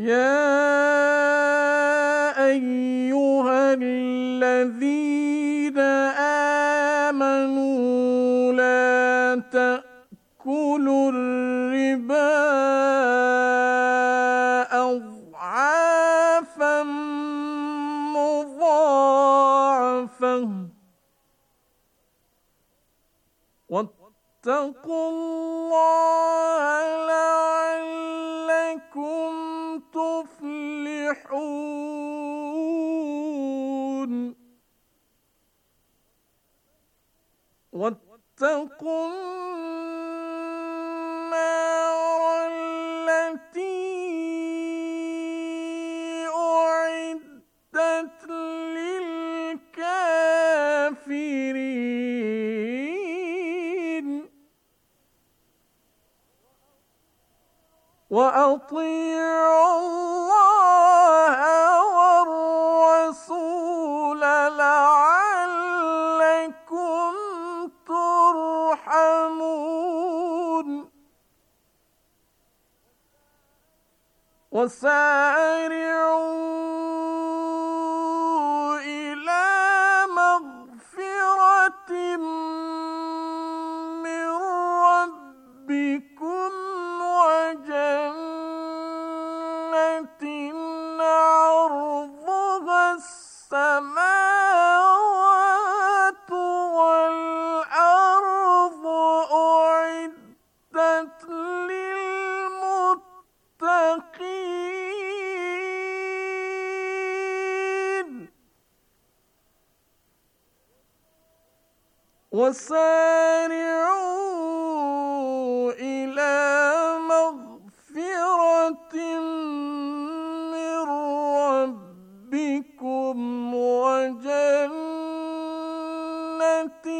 يا أيها الذين آمنوا لا تأكلوا الربا أضعافا مضاعفا واتقوا وسارعوا إلى مغفرة من ربكم وجنة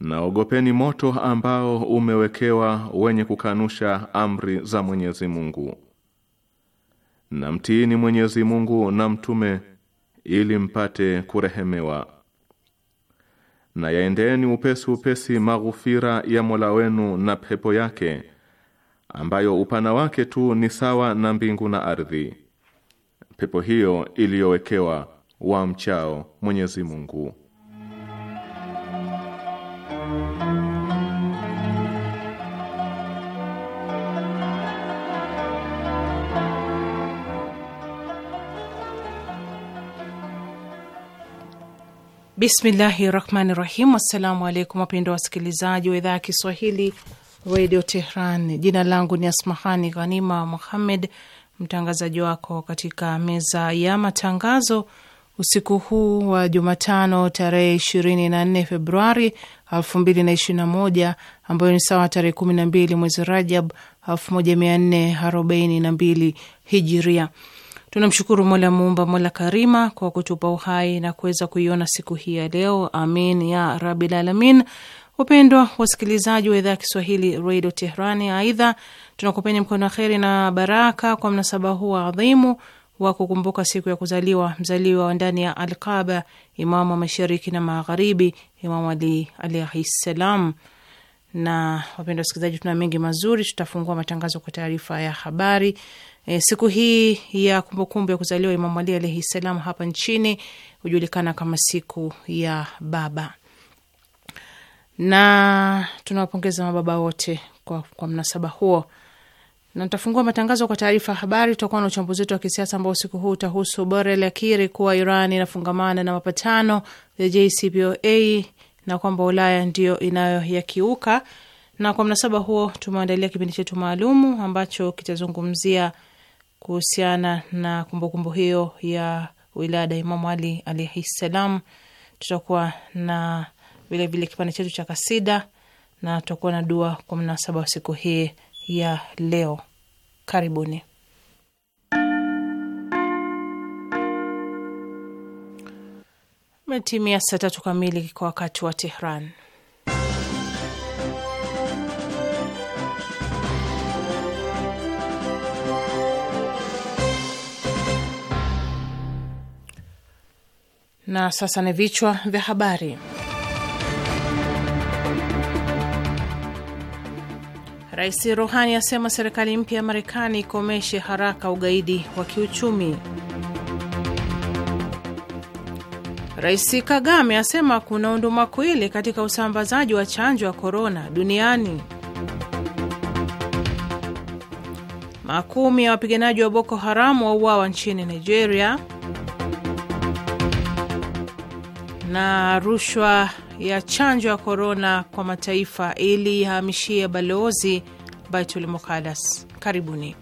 Naogopeni moto ambao umewekewa wenye kukanusha amri za Mwenyezi Mungu. Na mtiini Mwenyezi Mungu na mtume ili mpate kurehemewa. Na yaendeeni upesi upesi maghufira ya Mola wenu na pepo yake ambayo upana wake tu ni sawa na mbingu na ardhi. Pepo hiyo iliyowekewa wamchao Mwenyezi Mungu. Bismillahi rahmani rahim. Assalamu alaikum wapendo wasikilizaji wa idhaa ya Kiswahili redio Tehran. Jina langu ni Asmahani Ghanima Muhammed, mtangazaji wako katika meza ya matangazo usiku huu wa Jumatano tarehe ishirini na nne Februari elfu mbili na ishirini na moja ambayo ni sawa tarehe kumi na mbili mwezi Rajab elfu moja mia nne arobaini na mbili hijiria. Tunamshukuru Mola Muumba, Mola Karima, kwa kutupa uhai na kuweza kuiona siku hii ya leo. Amin ya rabil alamin. Wapendwa wasikilizaji wa idhaa ya Kiswahili redio Tehrani, aidha tunakupeni mkono wa kheri na baraka kwa mnasaba huu adhimu wa kukumbuka siku ya kuzaliwa mzaliwa wa ndani ya Alkaba, imamu wa mashariki na magharibi, Imamu Ali alaihi ssalam. Na wapendwa wasikilizaji, tuna mengi mazuri. Tutafungua matangazo kwa taarifa ya habari E, siku hii ya kumbukumbu ya kuzaliwa Imam Ali alaihi salam hapa nchini hujulikana kama siku ya baba, na tunawapongeza mababa wote kwa, kwa mnasaba huo na tutafungua matangazo kwa taarifa habari. Tutakuwa na uchambuzi wetu wa kisiasa ambao siku huu utahusu Borel akiri kuwa Iran inafungamana na mapatano ya JCPOA na kwamba Ulaya ndiyo inayoyakiuka. Na kwa mnasaba huo tumeandalia kipindi chetu maalumu ambacho kitazungumzia kuhusiana na kumbukumbu kumbu hiyo ya wilada Imamu Ali alaihi salam. Tutakuwa na vilevile kipande chetu cha kasida na tutakuwa na dua kwa mnasaba wa siku hii ya leo. Karibuni. Metimia saa tatu kamili kwa wakati wa Tehran. Na sasa ni vichwa vya habari. Rais Rohani asema serikali mpya ya Marekani ikomeshe haraka ugaidi wa kiuchumi. Rais Kagame asema kuna undumakuwili katika usambazaji wa chanjo ya korona duniani. Makumi ya wapiganaji wa Boko Haramu wauawa nchini Nigeria. na rushwa ya chanjo ya korona kwa mataifa ili yahamishie balozi Baitul Mukadas. Karibuni.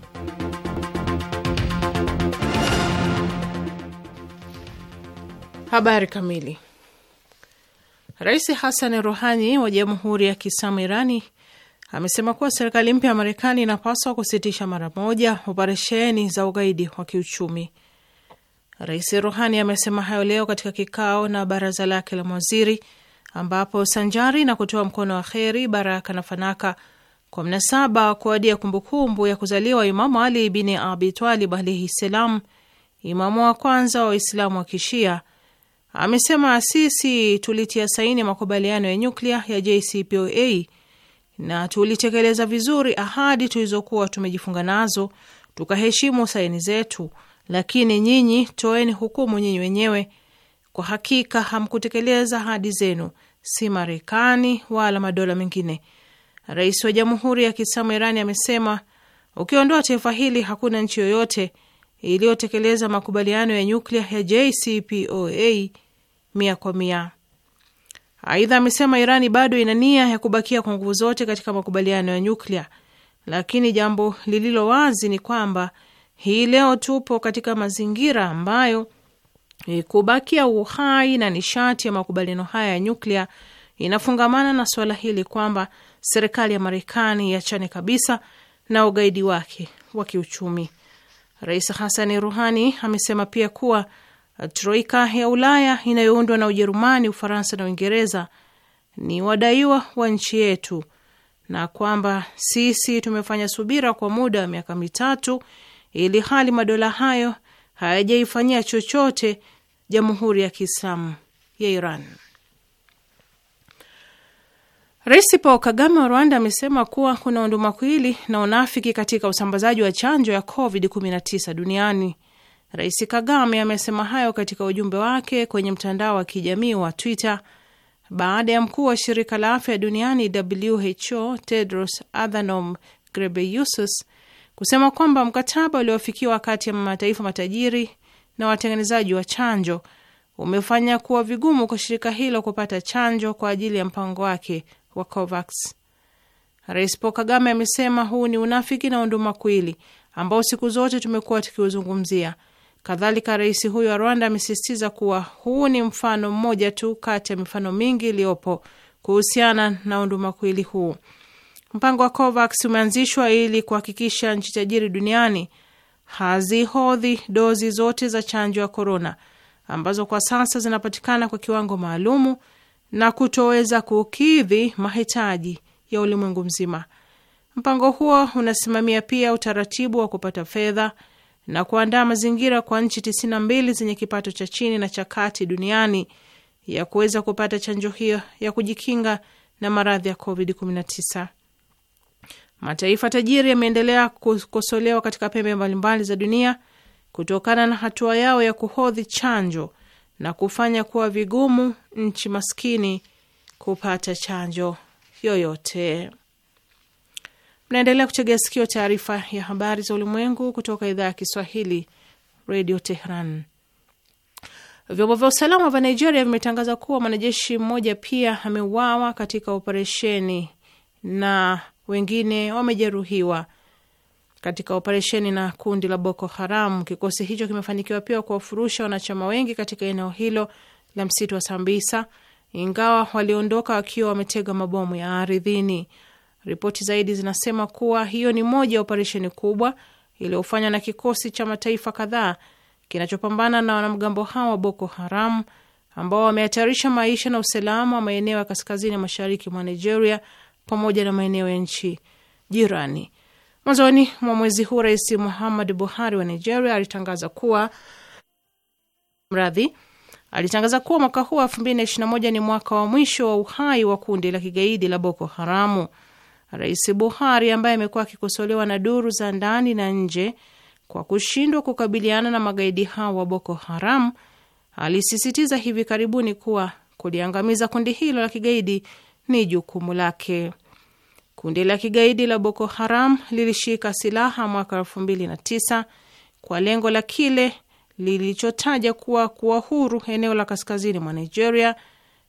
Habari kamili. Rais Hassan Rohani wa Jamhuri ya Kiislamu Irani amesema kuwa serikali mpya ya Marekani inapaswa kusitisha mara moja operesheni za ugaidi wa kiuchumi Rais Ruhani amesema hayo leo katika kikao na baraza lake la mawaziri ambapo sanjari na kutoa mkono wa kheri, baraka na fanaka kwa mnasaba kuadia kumbukumbu ya kuzaliwa Imamu Ali bin Abi Talib alaihi ssalam, imamu wa kwanza wa Waislamu wa Kishia, amesema sisi tulitia saini makubaliano ya nyuklia ya JCPOA na tulitekeleza vizuri ahadi tulizokuwa tumejifunga nazo, tukaheshimu saini zetu lakini nyinyi toeni hukumu nyinyi wenyewe. Kwa hakika hamkutekeleza ahadi zenu, si Marekani wala madola mengine. Rais wa Jamhuri ya Kiislamu Irani amesema ukiondoa taifa hili hakuna nchi yoyote iliyotekeleza makubaliano ya nyuklia ya JCPOA mia kwa mia. Aidha amesema Irani bado ina nia ya kubakia kwa nguvu zote katika makubaliano ya nyuklia, lakini jambo lililo wazi ni kwamba hii leo tupo katika mazingira ambayo e, kubakia uhai na nishati ya makubaliano haya ya nyuklia inafungamana na suala hili kwamba serikali ya Marekani iachane kabisa na ugaidi wake wa kiuchumi. Rais Hasani Ruhani amesema pia kuwa troika ya Ulaya inayoundwa na Ujerumani, Ufaransa na Uingereza ni wadaiwa wa nchi yetu na kwamba sisi tumefanya subira kwa muda wa miaka mitatu ili hali madola hayo hayajaifanyia chochote Jamhuri ya Kiislamu ya Iran. Rais Paul Kagame wa Rwanda amesema kuwa kuna undumakuwili na unafiki katika usambazaji wa chanjo ya COVID-19 duniani. Rais Kagame amesema hayo katika ujumbe wake kwenye mtandao wa kijamii wa Twitter baada ya mkuu wa shirika la afya duniani WHO Tedros Adhanom Ghebreyesus kusema kwamba mkataba uliofikiwa kati ya mataifa matajiri na watengenezaji wa chanjo umefanya kuwa vigumu kwa shirika hilo kupata chanjo kwa ajili ya mpango wake wa COVAX. Rais Paul Kagame amesema huu ni unafiki na undumakuwili ambao siku zote tumekuwa tukiuzungumzia. Kadhalika, rais huyo wa Rwanda amesisitiza kuwa huu ni mfano mmoja tu kati ya mifano mingi iliyopo kuhusiana na undumakuwili huu. Mpango wa COVAX umeanzishwa ili kuhakikisha nchi tajiri duniani hazihodhi dozi zote za chanjo ya korona ambazo kwa sasa zinapatikana kwa kiwango maalumu na kutoweza kukidhi mahitaji ya ulimwengu mzima. Mpango huo unasimamia pia utaratibu wa kupata fedha na kuandaa mazingira kwa nchi 92 zenye kipato cha chini na cha kati duniani ya kuweza kupata chanjo hiyo ya kujikinga na maradhi ya COVID-19. Mataifa tajiri yameendelea kukosolewa katika pembe mbalimbali za dunia kutokana na hatua yao ya kuhodhi chanjo na kufanya kuwa vigumu nchi maskini kupata chanjo yoyote. Mnaendelea kutegea sikio taarifa ya habari za ulimwengu kutoka idhaa ya Kiswahili, Radio Tehran. Vyombo vya usalama vya Nigeria vimetangaza kuwa mwanajeshi mmoja pia ameuawa katika operesheni na wengine wamejeruhiwa katika operesheni na kundi la Boko Haram. Kikosi hicho kimefanikiwa pia kuwafurusha wanachama wengi katika eneo hilo la msitu wa Sambisa, ingawa waliondoka wakiwa wametega mabomu ya ardhini. Ripoti zaidi zinasema kuwa hiyo ni moja ya operesheni kubwa iliyofanywa na kikosi cha mataifa kadhaa kinachopambana na wanamgambo hao wa Boko Haram ambao wamehatarisha maisha na usalama wa maeneo ya kaskazini mashariki mwa Nigeria pamoja na maeneo ya nchi jirani. Mwanzoni mwa mwezi huu Rais Muhammad Buhari wa Nigeria alitangaza kuwa mradhi alitangaza kuwa mwaka huu elfu mbili na ishirini na moja ni mwaka wa mwisho wa uhai wa kundi la kigaidi la Boko Haramu. Rais Buhari ambaye amekuwa akikosolewa na duru za ndani na nje kwa kushindwa kukabiliana na magaidi hao wa Boko Haram alisisitiza hivi karibuni kuwa kuliangamiza kundi hilo la kigaidi ni jukumu lake. Kundi la kigaidi la Boko Haram lilishika silaha mwaka elfu mbili na tisa kwa lengo la kile lilichotaja kuwa kuwa huru eneo la kaskazini mwa Nigeria,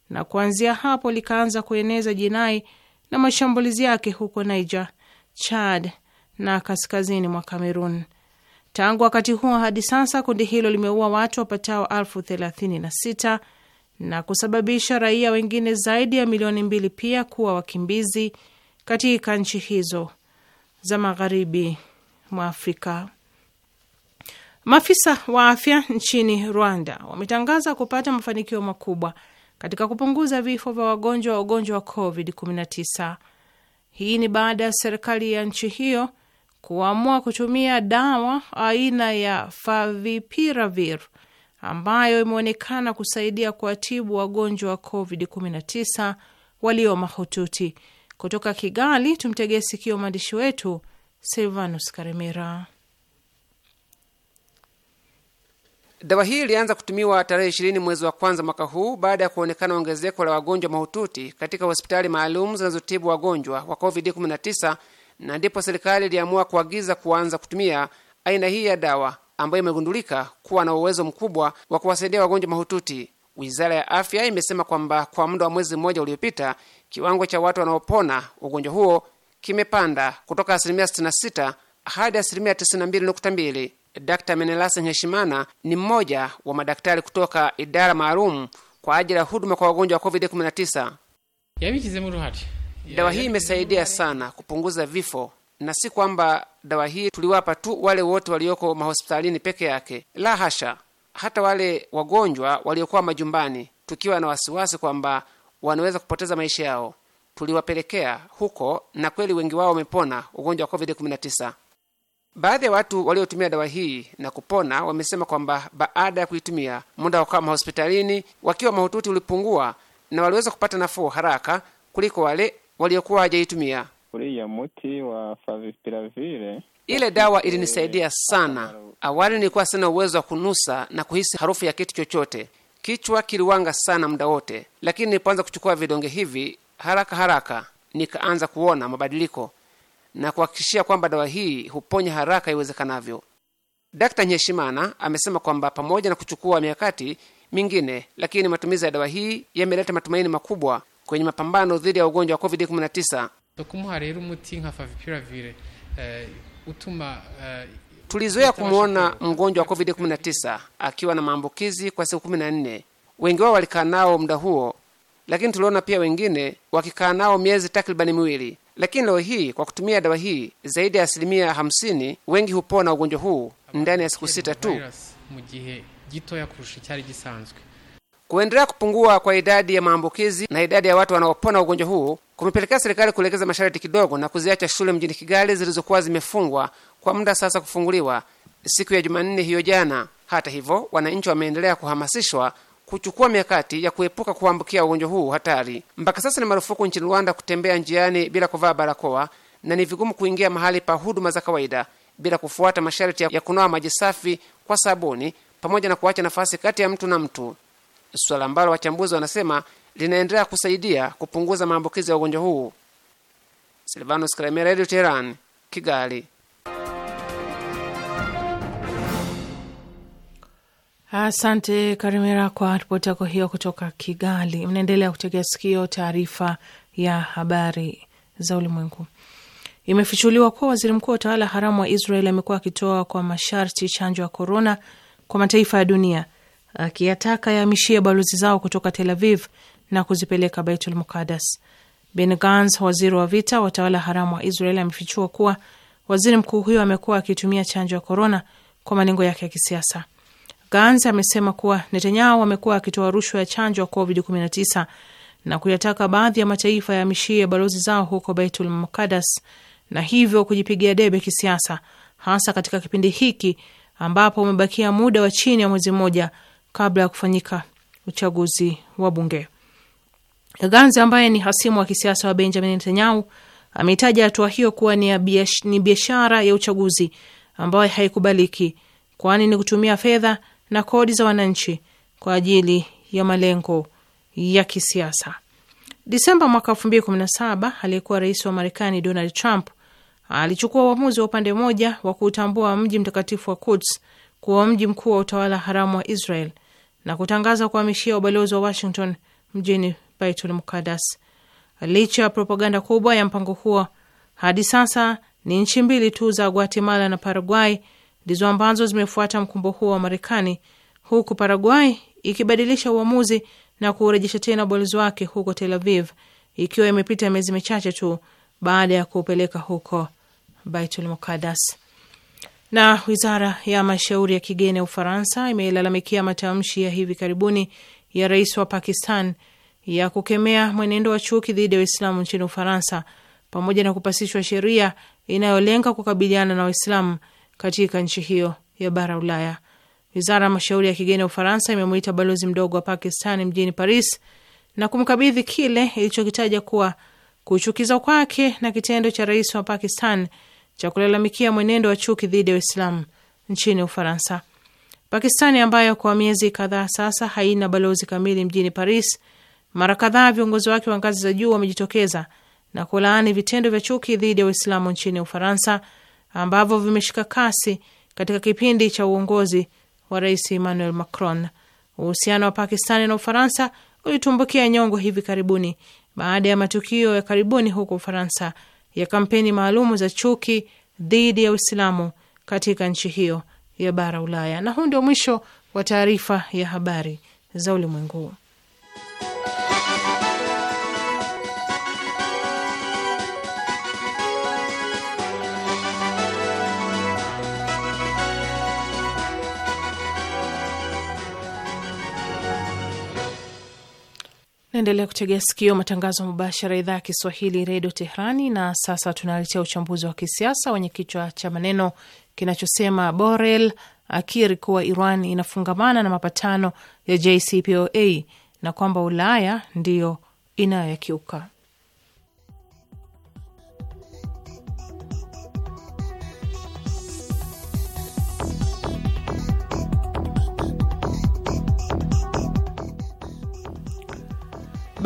na kuanzia hapo likaanza kueneza jinai na mashambulizi yake huko Niger, Chad na kaskazini mwa cameron Tangu wakati huo hadi sasa kundi hilo limeua watu wapatao elfu thelathini na sita na kusababisha raia wengine zaidi ya milioni mbili pia kuwa wakimbizi katika nchi hizo za magharibi mwa Afrika. Maafisa wa afya nchini Rwanda wametangaza kupata mafanikio makubwa katika kupunguza vifo vya wagonjwa wa ugonjwa wa COVID-19. Hii ni baada ya serikali ya nchi hiyo kuamua kutumia dawa aina ya favipiravir ambayo imeonekana kusaidia kuwatibu wagonjwa wa COVID-19 walio mahututi. Kutoka Kigali, tumtegee sikio mwandishi wetu Silvanus Karimira. Dawa hii ilianza kutumiwa tarehe ishirini mwezi wa kwanza mwaka huu baada ya kuonekana ongezeko la wagonjwa mahututi katika hospitali maalum zinazotibu wagonjwa wa COVID-19, na ndipo serikali iliamua kuagiza kuanza kutumia aina hii ya dawa ambayo imegundulika kuwa na uwezo mkubwa wa kuwasaidia wagonjwa mahututi. Wizara ya afya imesema kwamba kwa muda wa mwezi mmoja uliopita, kiwango cha watu wanaopona ugonjwa huo kimepanda kutoka asilimia 66 hadi asilimia 92.2. Dr menelas Nheshimana ni mmoja wa madaktari kutoka idara maalum kwa ajili ya huduma kwa wagonjwa wa COVID-19. Dawa hii imesaidia sana kupunguza vifo na si kwamba dawa hii tuliwapa tu wale wote walioko mahospitalini peke yake. La hasha, hata wale wagonjwa waliokuwa majumbani, tukiwa na wasiwasi kwamba wanaweza kupoteza maisha yao, tuliwapelekea huko, na kweli wengi wao wamepona ugonjwa wa COVID-19. Baadhi ya watu waliotumia dawa hii na kupona wamesema kwamba baada ya kuitumia muda wakawa mahospitalini wakiwa mahututi ulipungua na waliweza kupata nafuu haraka kuliko wale waliokuwa hajaitumia uriya muti wa favipiravire ile dawa ee, ilinisaidia sana. Awali nilikuwa sina uwezo wa kunusa na kuhisi harufu ya kitu chochote, kichwa kiliwanga sana muda wote, lakini nilipoanza kuchukua vidonge hivi haraka haraka, nikaanza kuona mabadiliko na kuhakikishia kwamba dawa hii huponya haraka iwezekanavyo. Dkt. Nyeshimana amesema kwamba pamoja na kuchukua mikakati mingine, lakini matumizi ya dawa hii yameleta matumaini makubwa kwenye mapambano dhidi ya ugonjwa wa COVID-19 kumuha rero umuti nka favipiravire eh, utuma eh, tulizoea kumwona mgonjwa wa covid-19 akiwa na maambukizi kwa siku 14 wengi wao walikaa nao muda huo lakini tuliona pia wengine wakikaa nao miezi takribani miwili lakini leo hii kwa kutumia dawa hii zaidi ya asilimia 50 wengi hupona ugonjwa huu ndani ya siku sita tu kuendelea kupungua kwa idadi ya maambukizi na idadi ya watu wanaopona ugonjwa huu kumepelekea serikali kulegeza masharti kidogo na kuziacha shule mjini Kigali zilizokuwa zimefungwa kwa muda sasa kufunguliwa siku ya Jumanne hiyo jana. Hata hivyo, wananchi wameendelea kuhamasishwa kuchukua mikakati ya kuepuka kuambukia ugonjwa huu hatari. Mpaka sasa ni marufuku nchini Rwanda kutembea njiani bila kuvaa barakoa na ni vigumu kuingia mahali pa huduma za kawaida bila kufuata masharti ya kunawa maji safi kwa sabuni pamoja na kuacha nafasi kati ya mtu na mtu, suala ambalo wachambuzi wanasema linaendelea kusaidia kupunguza maambukizi ya ugonjwa huu. Silvanus Kalemera, Radio Teheran, Kigali. Asante Karimera kwa ripoti yako hiyo kutoka Kigali. Mnaendelea kutegea sikio taarifa ya habari za ulimwengu. Imefichuliwa kuwa waziri mkuu wa utawala haramu wa Israel amekuwa akitoa kwa masharti chanjo ya korona kwa mataifa ya dunia, akiyataka yahamishie balozi zao kutoka Tel Aviv na kuzipeleka Baitul Mukadas. Ben Gans, waziri wa vita watawala haramu wa Israel, amefichua kuwa waziri mkuu huyo amekuwa akitumia chanjo ya korona kwa malengo yake ya kisiasa. Gans amesema kuwa Netanyahu amekuwa akitoa rushwa ya chanjo ya COVID-19 na kuyataka baadhi ya mataifa yahamishie balozi zao huko Baitul Mukadas na hivyo kujipigia debe kisiasa, hasa katika kipindi hiki ambapo umebakia muda wa chini ya mwezi mmoja kabla ya kufanyika uchaguzi wa bunge. Gantz ambaye ni hasimu wa kisiasa wa Benjamin Netanyahu ameitaja hatua hiyo kuwa ni biashara ya uchaguzi ambayo haikubaliki, kwani ni kutumia fedha na kodi za wananchi kwa ajili ya malengo ya kisiasa. Disemba mwaka saba aliyekuwa rais wa Marekani Donald Trump alichukua uamuzi wa upande mmoja wa kuutambua mji mtakatifu wa Quds kuwa mji mkuu wa utawala haramu wa Israel na kutangaza kuhamishia ubalozi wa Washington mjini Baitul Mukadas. Licha ya propaganda kubwa ya mpango huo, hadi sasa ni nchi mbili tu za Guatemala na Paraguay ndizo ambazo zimefuata mkumbo huo wa Marekani, huku Paraguay ikibadilisha uamuzi na kuurejesha tena ubalozi wake huko Tel Aviv ikiwa imepita miezi michache tu baada ya kuupeleka huko Baitul Mukadas. Na wizara ya mashauri ya kigeni ya Ufaransa imelalamikia matamshi ya hivi karibuni ya rais wa Pakistan ya kukemea mwenendo wa chuki dhidi ya Waislamu nchini Ufaransa pamoja na kupasishwa sheria inayolenga kukabiliana na Waislamu katika nchi hiyo ya bara Ulaya. Wizara ya mashauri ya kigeni ya Ufaransa imemwita balozi mdogo wa Pakistan mjini Paris na kumkabidhi kile ilichokitaja kuwa kuchukiza kwake na kitendo cha rais wa Pakistan cha kulalamikia mwenendo wa chuki dhidi ya Waislamu nchini Ufaransa. Pakistani ambayo kwa miezi kadhaa sasa haina balozi kamili mjini Paris mara kadhaa viongozi wake wa ngazi za juu wamejitokeza na kulaani vitendo vya chuki dhidi ya uislamu nchini Ufaransa ambavyo vimeshika kasi katika kipindi cha uongozi wa Rais Emmanuel Macron. Uhusiano wa Pakistani na Ufaransa ulitumbukia nyongo hivi karibuni baada ya matukio ya karibuni huko Ufaransa ya kampeni maalumu za chuki dhidi ya Uislamu katika nchi hiyo ya bara Ulaya. Na huu ndio mwisho wa taarifa ya habari za ulimwengu. Naendelea kutegea sikio matangazo mubashara idhaa ya Kiswahili redio Tehrani. Na sasa tunaletea uchambuzi wa kisiasa wenye kichwa cha maneno kinachosema Borel akiri kuwa Iran inafungamana na mapatano ya JCPOA na kwamba Ulaya ndiyo inayoyakiuka.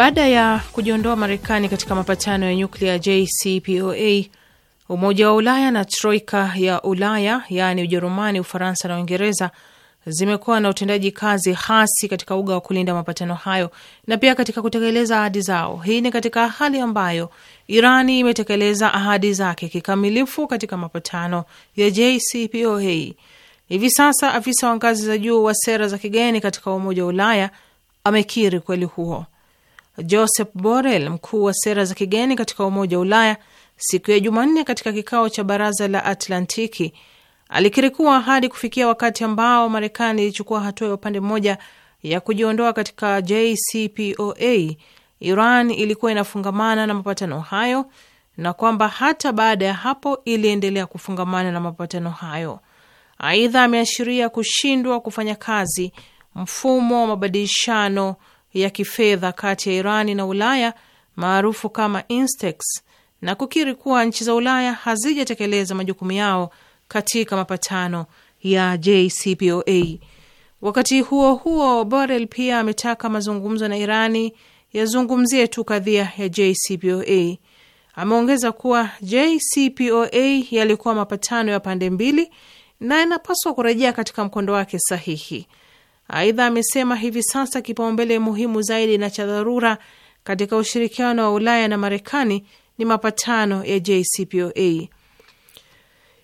Baada ya kujiondoa Marekani katika mapatano ya nyuklia JCPOA, Umoja wa Ulaya na troika ya Ulaya yaani Ujerumani, Ufaransa na Uingereza zimekuwa na utendaji kazi hasi katika uga wa kulinda mapatano hayo na pia katika kutekeleza ahadi zao. Hii ni katika hali ambayo Irani imetekeleza ahadi zake kikamilifu katika mapatano ya JCPOA. Hivi sasa afisa wa ngazi za juu wa sera za kigeni katika Umoja wa Ulaya amekiri kweli huo josep Borrell, mkuu wa sera za kigeni katika Umoja wa Ulaya, siku ya Jumanne katika kikao cha Baraza la Atlantiki alikiri kuwa hadi kufikia wakati ambao Marekani ilichukua hatua ya upande mmoja ya kujiondoa katika JCPOA, Iran ilikuwa inafungamana na mapatano hayo na kwamba hata baada ya hapo iliendelea kufungamana na mapatano hayo. Aidha, ameashiria kushindwa kufanya kazi mfumo wa mabadilishano ya kifedha kati ya Irani na Ulaya maarufu kama INSTEX na kukiri kuwa nchi za Ulaya hazijatekeleza majukumu yao katika mapatano ya JCPOA. Wakati huo huo, Borel pia ametaka mazungumzo na Irani yazungumzie tu kadhia ya JCPOA. Ameongeza kuwa JCPOA yalikuwa mapatano ya pande mbili na inapaswa kurejea katika mkondo wake sahihi. Aidha amesema hivi sasa kipaumbele muhimu zaidi na cha dharura katika ushirikiano wa Ulaya na Marekani ni mapatano ya JCPOA.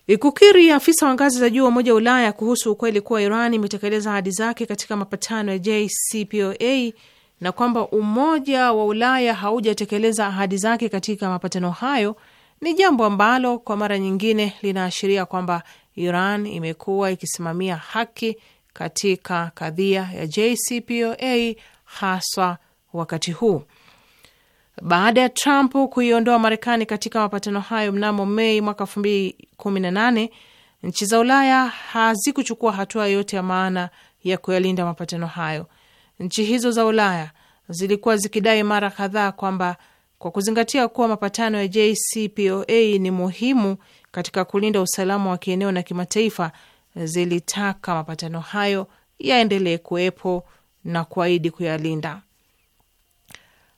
Ikukiri afisa wa ngazi za juu wa Umoja wa Ulaya kuhusu ukweli kuwa Iran imetekeleza ahadi zake katika mapatano ya JCPOA na kwamba Umoja wa Ulaya haujatekeleza ahadi zake katika mapatano hayo ni jambo ambalo kwa mara nyingine linaashiria kwamba Iran imekuwa ikisimamia haki katika kadhia ya JCPOA haswa wakati huu baada ya Trump kuiondoa Marekani katika mapatano hayo mnamo Mei mwaka elfu mbili kumi na nane, nchi za Ulaya hazikuchukua hatua yoyote ya maana ya kuyalinda mapatano hayo. Nchi hizo za Ulaya zilikuwa zikidai mara kadhaa kwamba kwa kuzingatia kuwa mapatano ya JCPOA ni muhimu katika kulinda usalama wa kieneo na kimataifa zilitaka mapatano hayo yaendelee kuwepo na kuahidi kuyalinda.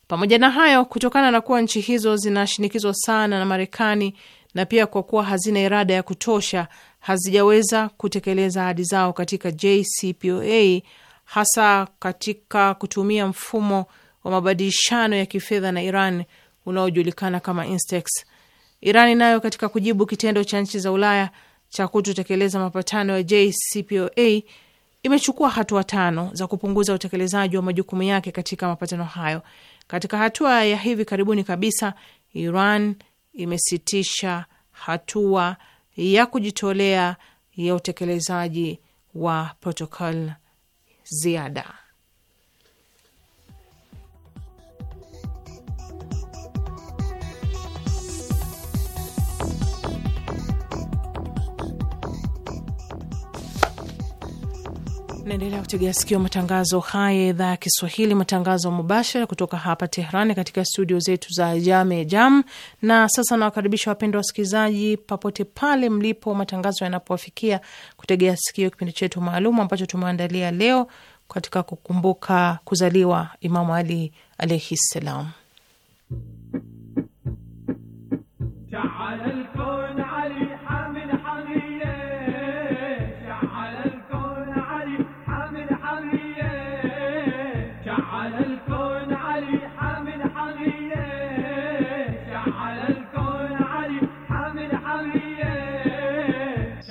Pamoja na hayo, kutokana na kuwa nchi hizo zinashinikizwa sana na Marekani na pia kwa kuwa hazina irada ya kutosha, hazijaweza kutekeleza ahadi zao katika JCPOA, hasa katika kutumia mfumo wa mabadilishano ya kifedha na Iran unaojulikana kama INSTEX. Iran nayo katika kujibu kitendo cha nchi za Ulaya cha kutotekeleza mapatano ya JCPOA imechukua hatua tano za kupunguza utekelezaji wa majukumu yake katika mapatano hayo. Katika hatua ya hivi karibuni kabisa, Iran imesitisha hatua ya kujitolea ya utekelezaji wa protokol ziada. Naendelea kutegea sikio matangazo haya ya idhaa ya Kiswahili, matangazo mubashara kutoka hapa Tehrani, katika studio zetu za Jame Jam. Na sasa nawakaribisha wapendwa wasikilizaji, popote pale mlipo, matangazo yanapowafikia, kutegea sikio kipindi chetu maalum ambacho tumeandalia leo katika kukumbuka kuzaliwa Imamu Ali alaihi ssalam.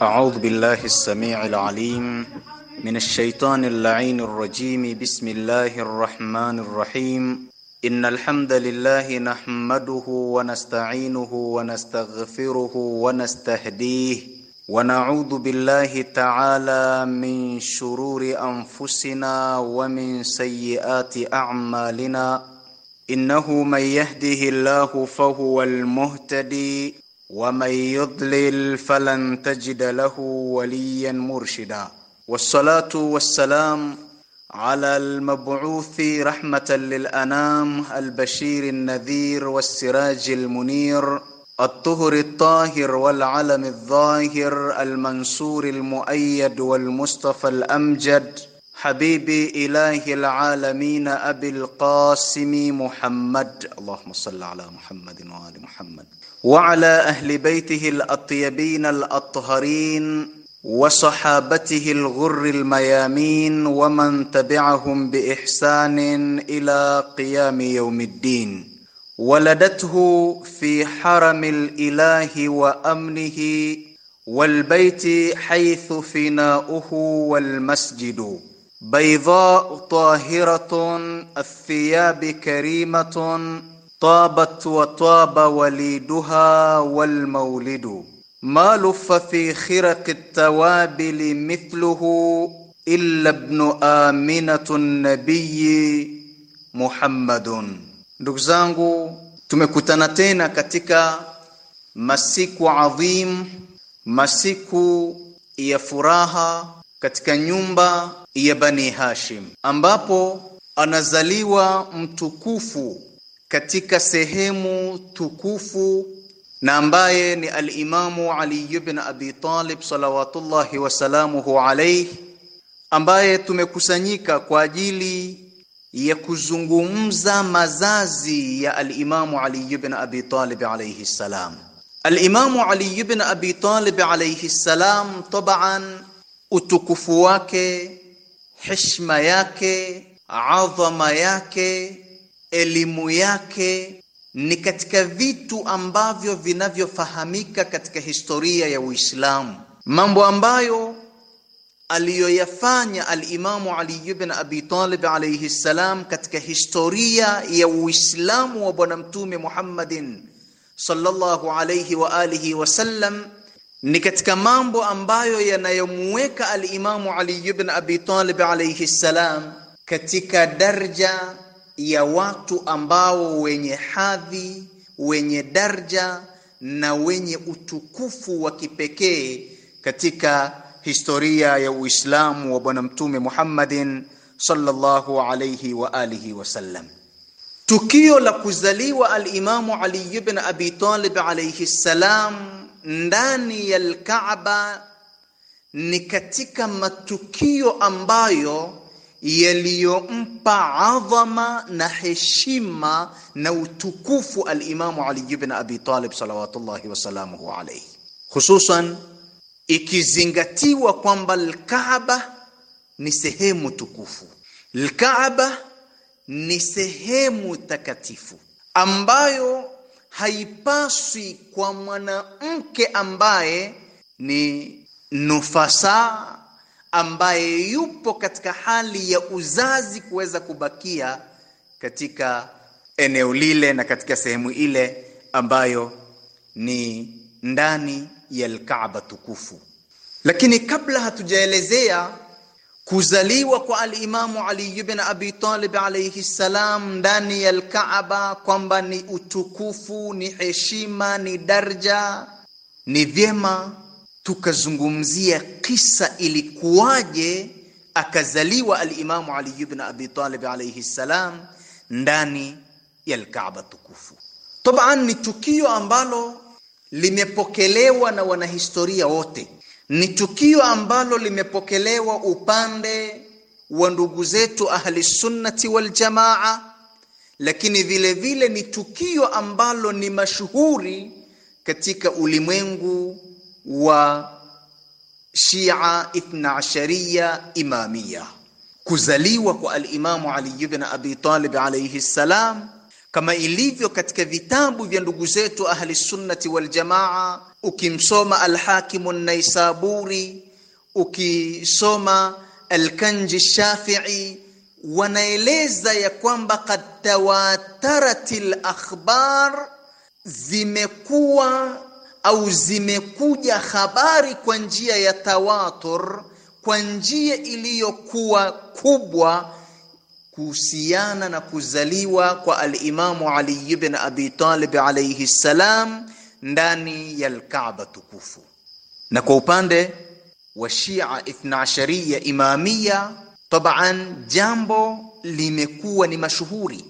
أعوذ بالله السميع العليم من الشيطان اللعين الرجيم بسم الله الرحمن الرحيم إن الحمد لله نحمده ونستعينه ونستغفره ونستهديه ونعوذ بالله تعالى من شرور أنفسنا ومن سيئات أعمالنا إنه من يهده الله فهو المهتدي ومن يضلل فلن تجد له وليا مرشدا والصلاه والسلام على المبعوث رحمه للانام البشير النذير والسراج المنير الطهر الطاهر والعلم الظاهر المنصور المؤيد والمصطفى الامجد حبيبي اله العالمين ابي القاسم محمد اللهم صل على محمد وال محمد وعلى اهل بيته الاطيبين الاطهرين وصحابته الغر الميامين ومن تبعهم باحسان الى قيام يوم الدين ولدته في حرم الاله وامنه والبيت حيث فناؤه والمسجد بيضاء طاهره الثياب كريمه tabat وطاب وليدها والمولد ما ma luffa fi التوابل مثله mithluhu ابن ibnu النبي محمد Muhammadun. Ndugu zangu, tumekutana tena katika masiku adhim, masiku ya furaha katika nyumba ya Bani Hashim ambapo anazaliwa mtukufu katika sehemu tukufu na ambaye ni alimamu imamu Ali ibn Abi Talib salawatullahi wasalamuhu alayhi, ambaye tumekusanyika kwa ajili ya kuzungumza mazazi ya alimamu imamu Ali ibn Abi Talib alayhi salam. al Ali ibn Abi Talib alayhi salam, taban utukufu wake, heshima yake, adhama yake elimu yake ni katika vitu ambavyo vinavyofahamika katika historia ya Uislamu, mambo ambayo aliyoyafanya Alimamu Ali ibn Abi Talib alayhi salam katika historia ya Uislamu wa Bwana Mtume Muhammadin sallallahu alayhi wa alihi wasallam ni katika mambo ambayo yanayomuweka Alimamu Ali ibn Abi Talib alayhi salam katika darja ya watu ambao wenye hadhi, wenye darja na wenye utukufu wa kipekee katika historia ya Uislamu wa Bwana Mtume Muhammadin sallallahu alayhi wa alihi sallam. Tukio la kuzaliwa al-Imamu Ali ibn Abi Talib alayhi salam ndani ya al-Kaaba ni katika matukio ambayo yaliyompa adhama na heshima na utukufu alimamu Ali ibn Abi Talib salawatullahi wasalamuhu alayhi, hususan ikizingatiwa kwamba Alkaaba ni sehemu tukufu. Alkaaba ni sehemu takatifu ambayo haipaswi kwa mwanamke ambaye ni nufasa ambaye yupo katika hali ya uzazi kuweza kubakia katika eneo lile na katika sehemu ile ambayo ni ndani ya Alkaaba tukufu. Lakini kabla hatujaelezea kuzaliwa kwa alimamu Ali ibn Abi Talib alayhi salam ndani ya Alkaaba, kwamba ni utukufu, ni heshima, ni darja, ni vyema tukazungumzia kisa ilikuwaje akazaliwa alimamu Ali ibn Abi Talib alayhi salam ndani ya Alkaaba tukufu. Taban ni tukio ambalo limepokelewa na wanahistoria wote, ni tukio ambalo limepokelewa upande wa ndugu zetu ahli sunnati wal jamaa, lakini vile vile ni tukio ambalo ni mashuhuri katika ulimwengu wa Shia Ithna Ashariya Imamia. Kuzaliwa kwa al Alimamu Ali ibn Abi Talib alayhi salam, kama ilivyo katika vitabu vya ndugu zetu Ahli Sunnati wal Jamaa, ukimsoma al Alhakimu Naisaburi, ukisoma al Alkanji Shafii, wanaeleza ya kwamba qad tawatarat al-akhbar, zimekuwa au zimekuja habari kwa njia ya tawatur, kwa njia iliyokuwa kubwa kuhusiana na kuzaliwa kwa alimamu Ali ibn Abi Talib alayhi salam ndani ya al-Kaaba tukufu. Na kwa upande wa Shia Ithna Imamia, taban jambo limekuwa ni mashuhuri,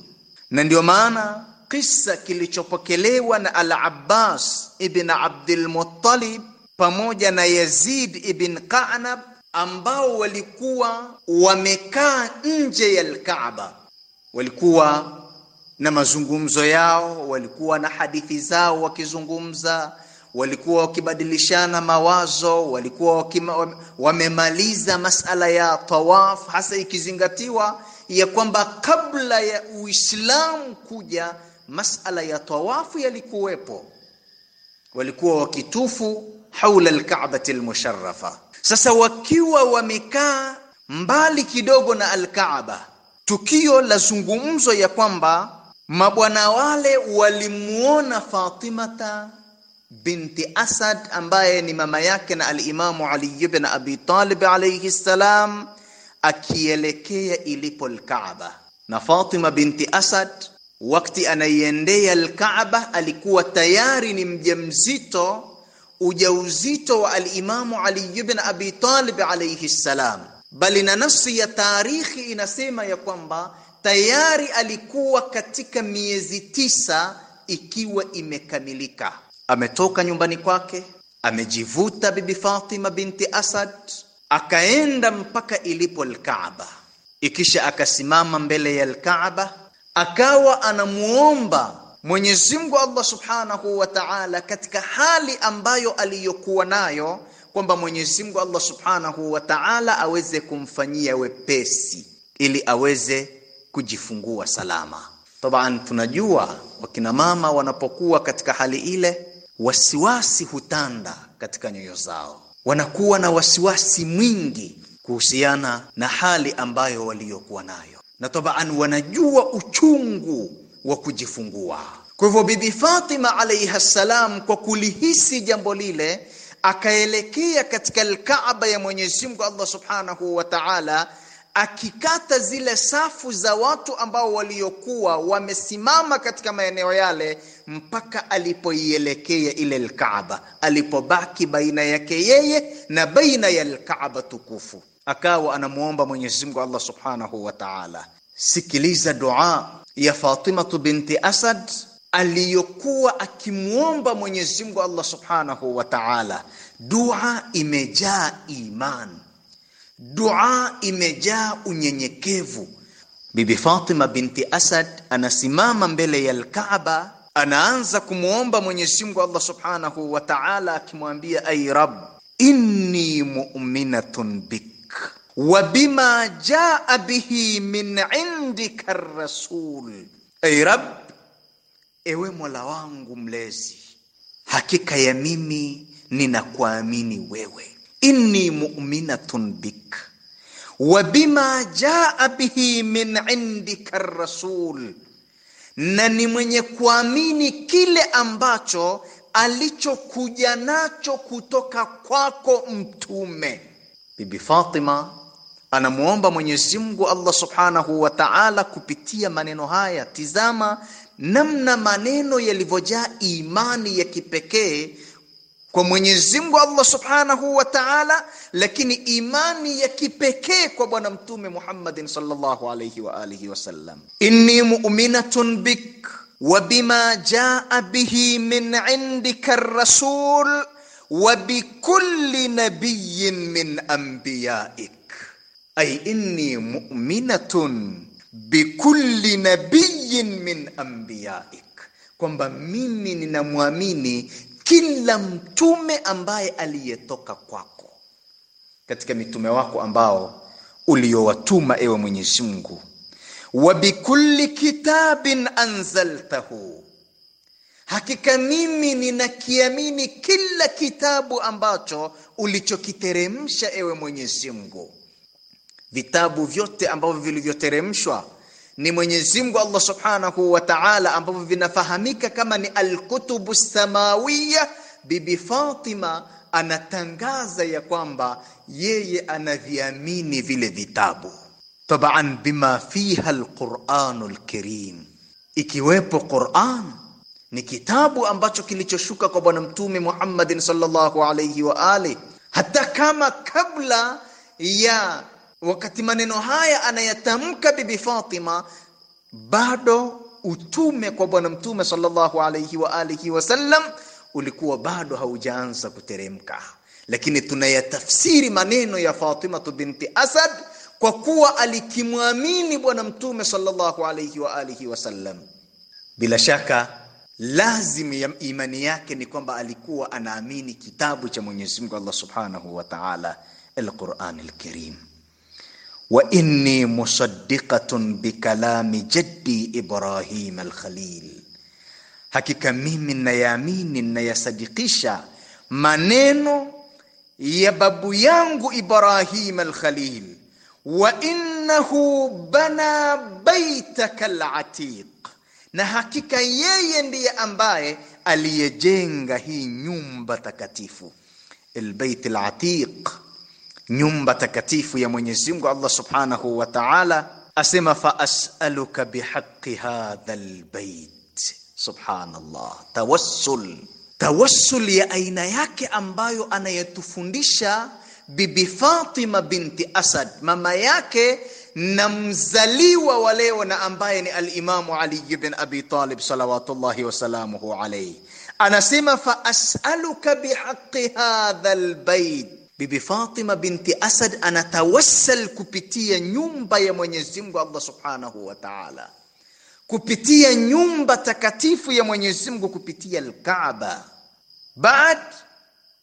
na ndio maana kisa kilichopokelewa na Al-Abbas ibn Abdul Muttalib pamoja na Yazid ibn Qanab ambao walikuwa wamekaa nje ya Al-Kaaba, walikuwa na mazungumzo yao, walikuwa na hadithi zao wakizungumza, walikuwa wakibadilishana mawazo, walikuwa wamemaliza masala ya tawaf, hasa ikizingatiwa ya kwamba kabla ya Uislamu kuja masala ya tawafu yalikuwepo, walikuwa wakitufu haula alkaabati almusharrafa. Sasa wakiwa wamekaa mbali kidogo na Alkaaba, tukio la zungumzo ya kwamba mabwana wale walimuona Fatimata binti Asad ambaye ni mama yake na alimamu Ali ibn Abi Talib alayhi salam, akielekea ilipo Alkaaba na Fatima binti Asad wakati anaiendea Alkaaba alikuwa tayari ni mjamzito, ujauzito wa Alimamu Ali ibn Abi Talib alayhi salam, bali na nafsi ya tarikhi inasema ya kwamba tayari alikuwa katika miezi tisa ikiwa imekamilika. Ametoka nyumbani kwake, amejivuta Bibi Fatima binti Asad, akaenda mpaka ilipo Alkaaba, ikisha akasimama mbele ya Alkaaba akawa anamuomba Mwenyezi Mungu Allah Subhanahu wa Ta'ala katika hali ambayo aliyokuwa nayo kwamba Mwenyezi Mungu Allah Subhanahu wa Ta'ala aweze kumfanyia wepesi ili aweze kujifungua salama. Taban, tunajua wakina mama wanapokuwa katika hali ile, wasiwasi hutanda katika nyoyo zao, wanakuwa na wasiwasi mwingi kuhusiana na hali ambayo waliyokuwa nayo na tabaan wanajua uchungu wa kujifungua. Kwa hivyo, Bibi Fatima alayha salam kwa kulihisi jambo lile akaelekea katika Alkaaba ya Mwenyezi Mungu Allah Subhanahu wa Ta'ala, akikata zile safu za watu ambao waliokuwa wamesimama katika maeneo yale mpaka alipoielekea ile Alkaaba, alipobaki baina yake yeye na baina ya Alkaaba tukufu akawa anamuomba Mwenyezi Mungu Allah Subhanahu wa Ta'ala. Sikiliza dua ya Fatima binti Asad aliyokuwa akimuomba Mwenyezi Mungu Allah Subhanahu wa Ta'ala. Dua imejaa iman, dua imejaa unyenyekevu. Bibi Fatima binti Asad anasimama mbele ya Al-Kaaba, anaanza kumwomba Mwenyezi Mungu Allah Subhanahu wa Ta'ala, akimwambia ay rab inni mu'minatun bik wa bima jaa bihi min indika rasul. Ey Rab, ewe Mola wangu mlezi, hakika ya mimi ninakuamini wewe, inni mu'minatun bik wa bima jaa bihi min indika rasul, na ni mwenye kuamini kile ambacho alichokuja nacho kutoka kwako mtume. Bibi Fatima anamuomba Mwenyezi Mungu Allah Subhanahu wa Ta'ala kupitia maneno haya. Tizama namna maneno yalivyojaa imani ya kipekee kwa Mwenyezi Mungu Allah Subhanahu wa Ta'ala, lakini imani ya kipekee kwa Bwana Mtume Muhammadin sallallahu alayhi wa alihi wasallam. Inni mu'minatun bik wa bima jaa bihi min indika rasul wa bikulli nabiyyin min anbiyaik ay inni mu'minatun bikulli nabiyin min anbiyaik, kwamba mimi ninamwamini kila mtume ambaye aliyetoka kwako katika mitume wako ambao uliowatuma ewe Mwenyezi Mungu, wa bikulli kitabin anzaltahu, hakika mimi ninakiamini kila kitabu ambacho ulichokiteremsha ewe Mwenyezi Mungu vitabu vyote ambavyo vilivyoteremshwa ni Mwenyezi Mungu Allah Subhanahu wa Ta'ala, ambavyo vinafahamika kama ni alkutubu samawiya. Bibi Fatima anatangaza ya kwamba yeye anaviamini vile vitabu, tabaan bima fiha alquranul karim, ikiwepo Qur'an ni kitabu ambacho kilichoshuka kwa Bwana Mtume Muhammadin sallallahu alayhi wa alihi, hata kama kabla ya Wakati maneno haya anayatamka Bibi Fatima, bado utume kwa Bwana Mtume sallallahu alayhi wa alihi wasallam ulikuwa bado haujaanza kuteremka, lakini tunayatafsiri maneno ya Fatima binti Asad kwa kuwa alikimwamini Bwana Mtume sallallahu alayhi wa alihi wasallam. Bila shaka lazima ya imani yake ni kwamba alikuwa anaamini kitabu cha Mwenyezi Mungu Allah Subhanahu wa Ta'ala, al-Qur'an al-Karim wa inni musaddiqatun bikalami jaddi Ibrahim al-Khalil, hakika mimi ninayaamini ninayasadikisha maneno ya babu yangu Ibrahim al-Khalil, wa innahu bana baitaka al-atiq, na hakika yeye ndiye ambaye aliyejenga hii nyumba takatifu al-bait al-atiq nyumba takatifu ya Mwenyezi Mungu Allah Subhanahu wa Ta'ala, asema fa as'aluka bihaqqi hadha albayt. Subhanallah, tawassul, tawassul ya aina yake ambayo anayetufundisha Bibi Fatima binti Asad, mama yake na mzaliwa wa leo na ambaye ni al-Imamu Ali ibn Abi Talib salawatullahi wasalamuhu alayhi, anasema fa as'aluka bihaqqi hadha albayt Bibi Fatima binti Asad anatawassal kupitia nyumba ya Mwenyezi Mungu Allah Subhanahu wa Ta'ala, kupitia nyumba takatifu ya Mwenyezi Mungu, kupitia al-Kaaba. Baad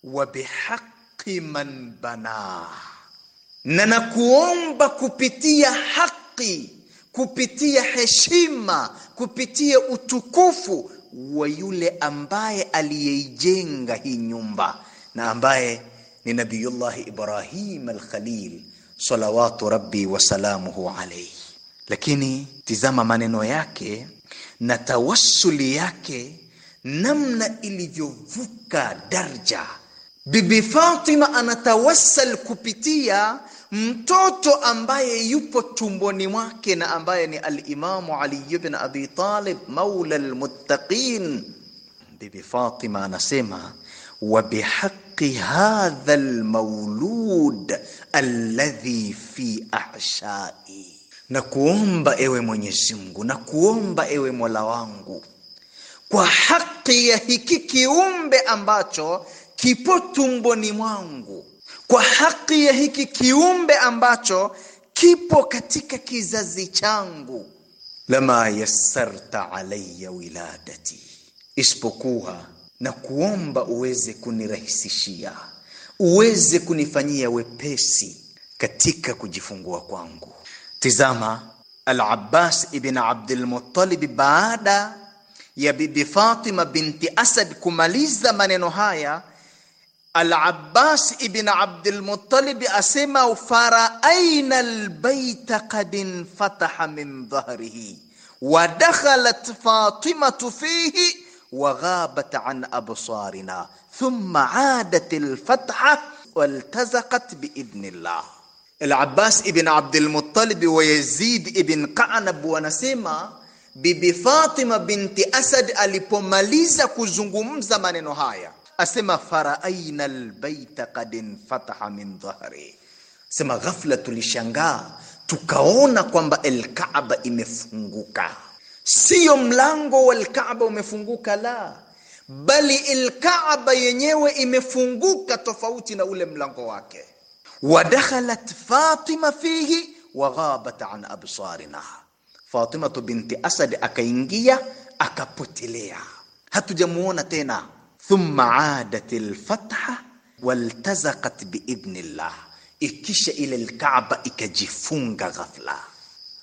wa bihaqqi man bana, na nakuomba kupitia haki, kupitia heshima, kupitia utukufu wa yule ambaye aliyeijenga hii nyumba na ambaye ni Nabiyullahi Ibrahim al-Khalil salawatu rabbi wasalamuhu alaihi. Lakini tizama maneno yake na tawassuli yake, namna ilivyovuka darja. Bibi Fatima anatawassal kupitia mtoto ambaye yupo tumboni mwake na ambaye ni al-Imamu Ali ibn Abi Talib maula al-muttaqin. Bibi Fatima anasema wa bihaq حق هذا المولود alladhi fi ahshai, na kuomba ewe Mwenyezi Mungu, na kuomba ewe Mola wangu kwa haki ya hiki kiumbe ambacho kipo tumboni mwangu, kwa haki ya hiki kiumbe ambacho kipo katika kizazi changu, lama yassarta alayya wiladati, isipokuwa na kuomba uweze kunirahisishia, uweze kunifanyia wepesi katika kujifungua kwangu. Tizama Al-Abbas ibn Abdul Muttalib baada ya bibi Fatima binti Asad kumaliza maneno haya, Al-Abbas ibn Abdul Muttalib asema faraaina albaita qad infataha min dhahrihi wa dakhalat Fatimatu fihi وغابت عن ابصارنا ثم عادت الفتحه والتزقت باذن الله العباس ابن عبد المطلب ويزيد ابن قعنب ونسيما بيبي فاطمة بنت أسد ألي بوماليزا كوزنغوم زمان نهاية أسمى فرأينا البيت قد انفتح من ظهري سما غفلة لشنغا تكاونا كومبا الكعبة إمفنغوكا sio mlango wa Alkaaba umefunguka, la bali Alkaaba yenyewe imefunguka tofauti na ule mlango wake. Wadakhalat Fatima fihi waghabat an absarina, Fatima binti Asad akaingia akapotelea, hatujamuona tena. Thumma adat alfatha waltazaqat biidhnillah, ikisha ila Alkaaba ikajifunga ghafla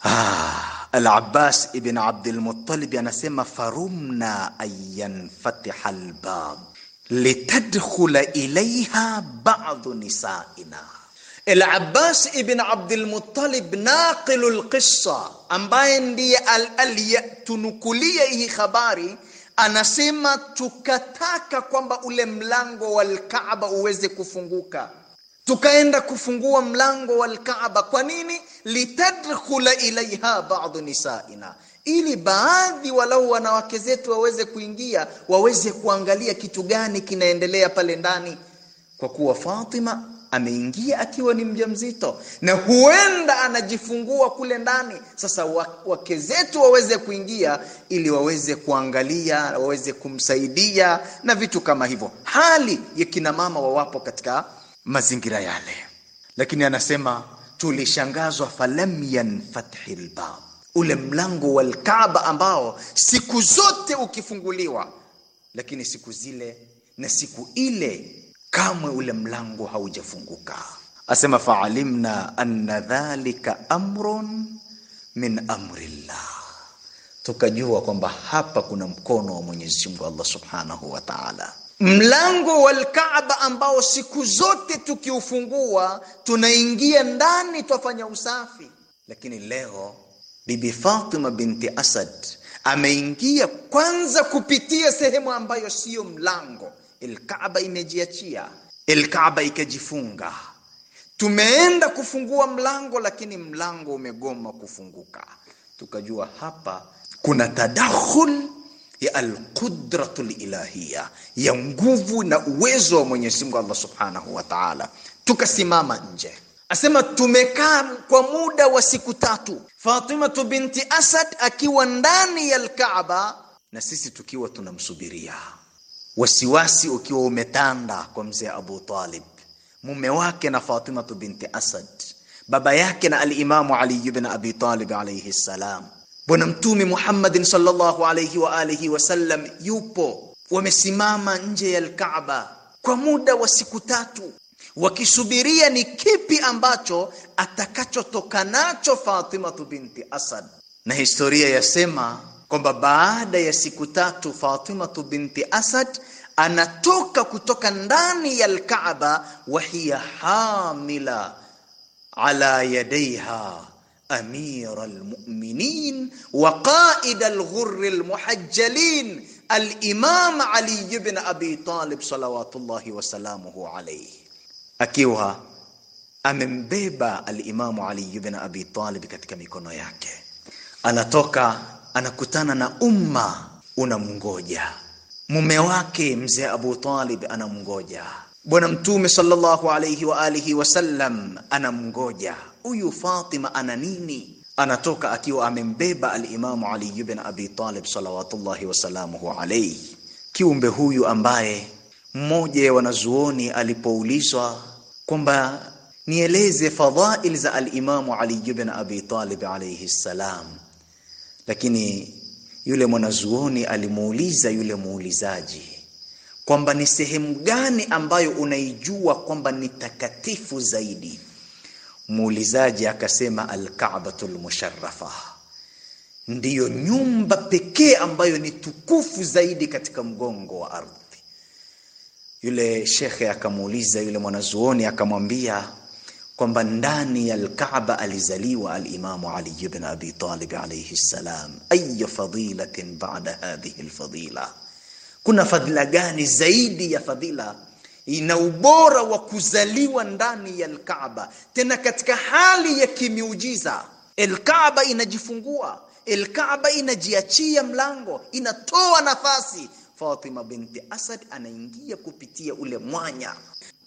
ah Al-Abbas ibn Abdul Muttalib anasema farumna ayanfatiha albab litadkhula ilaiha ba'dhu nisaina. Al-Abbas ibn Abdul Muttalib naqilu alqissa, ambaye ndiye aliyatunukulia hii habari, anasema tukataka kwamba ule mlango wa Kaaba uweze kufunguka tukaenda kufungua mlango wa Alkaaba. Kwa nini? litadkhula ilaiha ba'du nisaina, ili baadhi walau wanawake zetu waweze kuingia, waweze kuangalia kitu gani kinaendelea pale ndani, kwa kuwa Fatima ameingia akiwa ni mjamzito na huenda anajifungua kule ndani. Sasa wake zetu waweze kuingia ili waweze kuangalia, waweze kumsaidia na vitu kama hivyo, hali ya kina mama wawapo katika mazingira yale, lakini anasema tulishangazwa, falam yanfathi lbab, ule mlango wa Alkaaba ambao siku zote ukifunguliwa, lakini siku zile na siku ile kamwe ule mlango haujafunguka. Asema faalimna anna dhalika amrun min amri llah, tukajua kwamba hapa kuna mkono wa Mwenyezi Mungu Allah subhanahu wa taala mlango wa Kaaba ambao siku zote tukiufungua tunaingia ndani twafanya usafi, lakini leo Bibi Fatima binti Asad ameingia kwanza kupitia sehemu ambayo siyo mlango. Alkaaba imejiachia, Alkaaba ikajifunga. Tumeenda kufungua mlango, lakini mlango umegoma kufunguka, tukajua hapa kuna tadakhul ya alqudratu lilahiya, ya nguvu na uwezo wa Mwenyezi Mungu Allah subhanahu wa taala. Tukasimama nje, asema tumekaa kwa muda wa siku tatu, Fatimatu binti Asad akiwa ndani ya Alkaaba na sisi tukiwa tunamsubiria, wasiwasi ukiwa umetanda kwa mzee Abu Talib, mume wake na Fatimatu binti Asad, baba yake na Alimamu Ali ibn Abi Talib alayhi salam Bwana Mtume Muhammadin sallallahu alayhi wa alihi wasallam yupo, wamesimama nje ya Kaaba kwa muda wa siku tatu wakisubiria ni kipi ambacho atakachotokanacho Fatimatu binti Asad. Na historia yasema kwamba baada ya siku tatu Fatimatu binti Asad anatoka kutoka ndani ya Alkaaba, wahiya hamila ala yadaiha amira almuminin wa qaida alghurri almuhajjalin alimam Ali ibn Abi Talib salawatullahi wasalamuhu alayhi, akiwa amembeba alimamu Ali ibn Abi Talib katika mikono yake, anatoka anakutana na umma unamngoja mume wake mzee Abu Talib anamngoja, Bwana Mtume sallallahu alayhi wa alihi wasallam anamngoja huyu Fatima ana nini? Anatoka akiwa amembeba alimamu Ali ibn Abi Talib salawatullahi wasalamuhu alaihi, kiumbe huyu ambaye mmoja ya wanazuoni alipoulizwa kwamba nieleze fadhail za alimamu Ali ibn Abi Talib alayhi salam, lakini yule mwanazuoni alimuuliza yule muulizaji kwamba ni sehemu gani ambayo unaijua kwamba ni takatifu zaidi Muulizaji akasema alkaabatul musharrafa, ndiyo nyumba pekee ambayo ni tukufu zaidi katika mgongo wa ardhi. Yule shekhe akamuuliza yule mwanazuoni akamwambia kwamba ndani ya alkaaba alizaliwa alimamu Ali ibn Abi Talib alayhi salam. Ayu fadilatin ba'da hadhihi alfadila, kuna fadhila gani zaidi ya fadhila ina ubora wa kuzaliwa ndani ya Alkaaba, tena katika hali ya kimiujiza. Alkaaba inajifungua, Alkaaba inajiachia mlango, inatoa nafasi. Fatima binti Asad anaingia kupitia ule mwanya.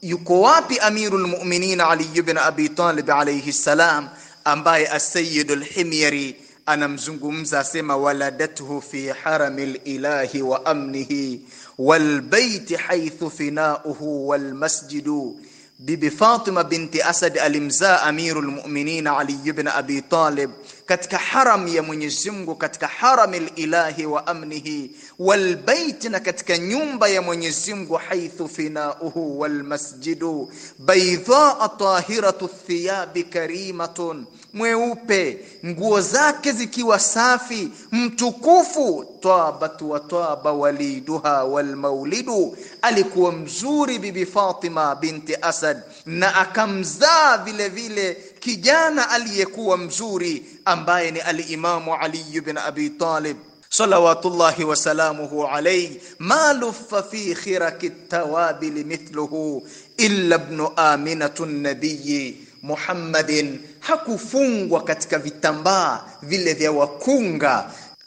Yuko wapi Amirul Mu'minin Ali ibn Abi Talib alayhi salam, ambaye Asayidul Himyari anamzungumza asema, waladathu fi haramil ilahi wa amnihi walbaiti haithu finauhu walmasjidu Bibi Fatima binti Asad alimzaa Amirul Mu'minin Ali ibn Abi Talib katika haram ya Mwenyezi Mungu, katika haramil ilahi wa amnihi walbaiti, na katika nyumba ya Mwenyezi Mungu, haithu finauhu walmasjidu baidhaa tahiratu thiyabi karimatun, mweupe nguo zake zikiwa safi, mtukufu. Tabat wa taba waliduha walmaulidu, alikuwa mzuri Bibi Fatima binti Asad, na akamzaa vile vile kijana aliyekuwa mzuri ambaye ni Alimamu Ali ibn Abi Talib. صلوات الله وسلامه عليه ما لف في خرك التوابل مثله إلا ابن آمنة النبي محمد حكفونغ وكتك في التنباء في الذي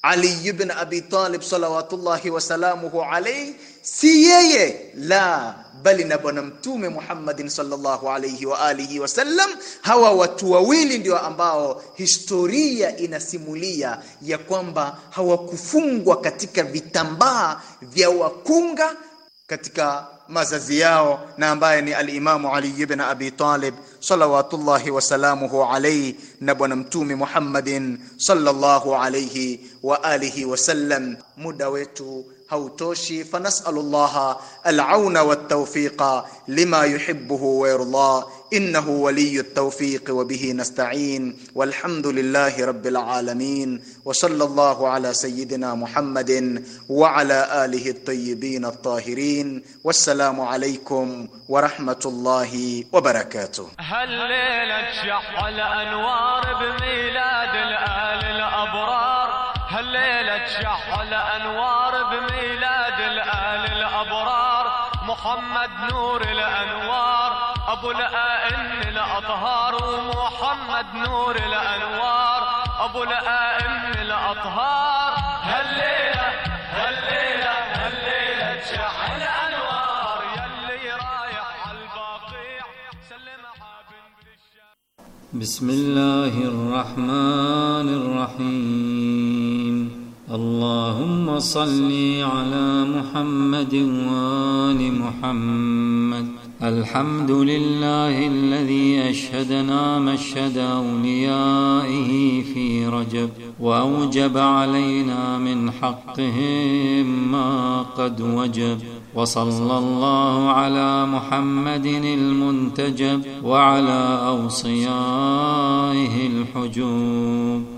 علي بن أبي طالب صلوات الله وسلامه عليه si yeye la bali na bwana mtume Muhammadin sallallahu alayhi wa alihi wasallam. Hawa watu wawili ndio ambao historia inasimulia ya kwamba hawakufungwa katika vitambaa vya wakunga katika mazazi yao, na ambaye ni alimamu Ali ibn Abi Talib salawatullahi salamuhu alayhi na bwana mtume Muhammadin sallallahu alayhi wa alihi wasallam. Muda wetu هوتوشي فنسال الله العون والتوفيق لما يحبه ويرضاه انه ولي التوفيق وبه نستعين والحمد لله رب العالمين وصلى الله على سيدنا محمد وعلى اله الطيبين الطاهرين والسلام عليكم ورحمه الله وبركاته ليلة تشعل الأنوار بميلاد الآن نور الأنوار أبو لآئن الأطهار ومحمد نور الأنوار أبو لآئن الأطهار هالليلة هالليلة هالليلة تشعل الأنوار يلي رايح البقيع سلمها بنت الشام بسم الله الرحمن الرحيم اللهم صل على محمد وآل محمد الحمد لله الذي أشهدنا مشهد أوليائه في رجب وأوجب علينا من حقهم ما قد وجب وصلى الله على محمد المنتجب وعلى أوصيائه الحجوب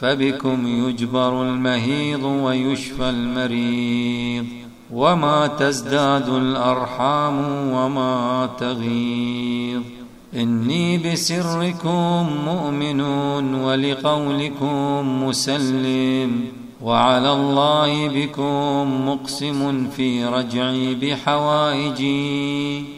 فبكم يجبر المهيض ويشفى المريض وما تزداد الأرحام وما تغيض إني بسركم مؤمن ولقولكم مسلم وعلى الله بكم مقسم في رجعي بحوائجي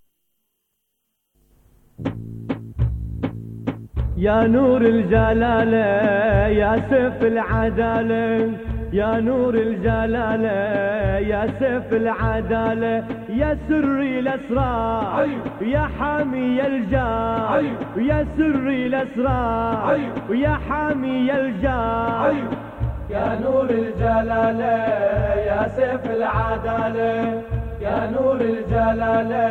يا نور الجلالة يا سيف العدالة يا نور الجلالة يا سيف العدالة يا سري الأسرار أيوه. يا حامي الجار أيوه. يا سري الأسرار أيوه. يا حامي الجار يا نور الجلالة يا سيف العدالة يا نور الجلالة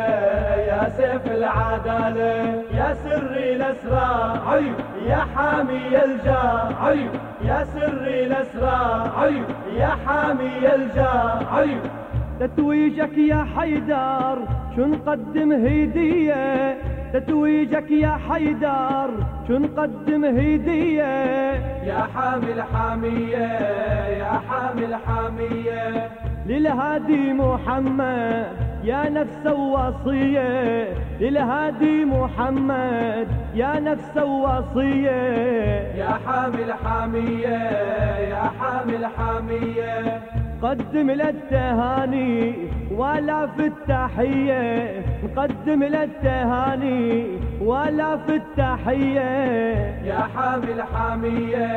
يا سيف العدالة يا سري الأسرى يا حامي عيو يا سري الأسرى يا حامي عيو تتويجك يا حيدر شو نقدم هدية تتويجك يا حيدر شو نقدم هدية يا حامي الحامية يا حامي الحامية للهادي محمد يا نفس وصية للهادي محمد يا نفس وصية يا حامل حامية يا حامل حامية قدم للتهاني ولا في التحية نقدم للتهاني ولا في التحية يا حامل حامية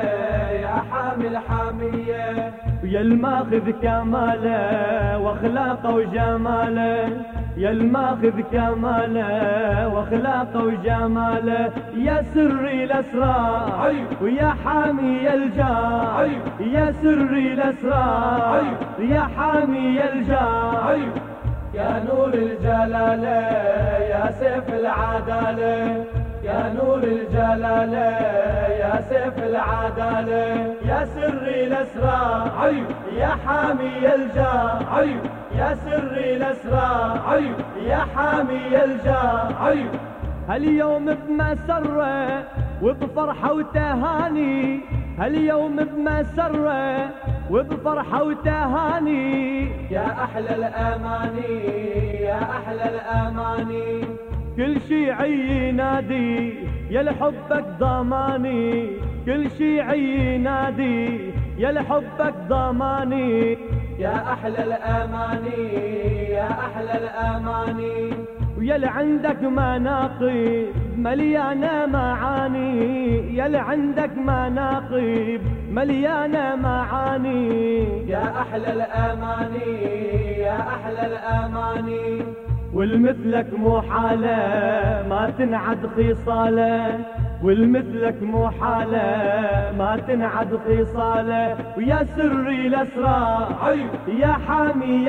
يا حامل حامية ويا الماخذ كماله واخلاقه وجماله يا الماخذ كماله واخلاقه وجماله يا سري الاسرار أيوه. ويا حامي الجار أيوه. يا سري الاسرار أيوه. يا حامي الجار يا نور الجلاله يا سيف العداله يا نور الجلالة يا سيف العدالة يا سري الأسرى يا حامي عيو يا سري الأسرى يا حامي الجاع هاليوم بمسرة وبفرحة وتهاني هاليوم بمسرة وبفرحة وتهاني يا أحلى الأماني يا أحلى الأماني كل شيعي ينادي يا لحبك ضماني كل شيعي ينادي يا لحبك ضماني يا احلى الاماني يا احلى الاماني ويا عندك مناقب مليانه معاني يا عندك مناقب مليانه معاني يا احلى الاماني يا احلى الاماني والمثلك مو حاله ما تنعد خصاله والمثلك مو حاله ما تنعد خصاله ويا سري الاسرار يا حامي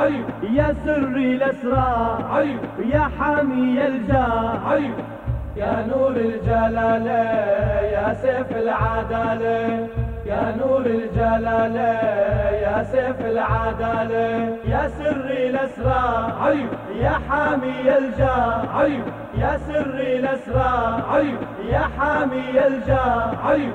أيوة يا سري الاسرار يا حامي أيوة يا نور الجلاله يا سيف العداله يا نور الجلالة يا سيف العدالة يا سري الأسرى عيو يا حامي الجاه عيو يا سري الأسرى عيو يا حامي الجاه عيو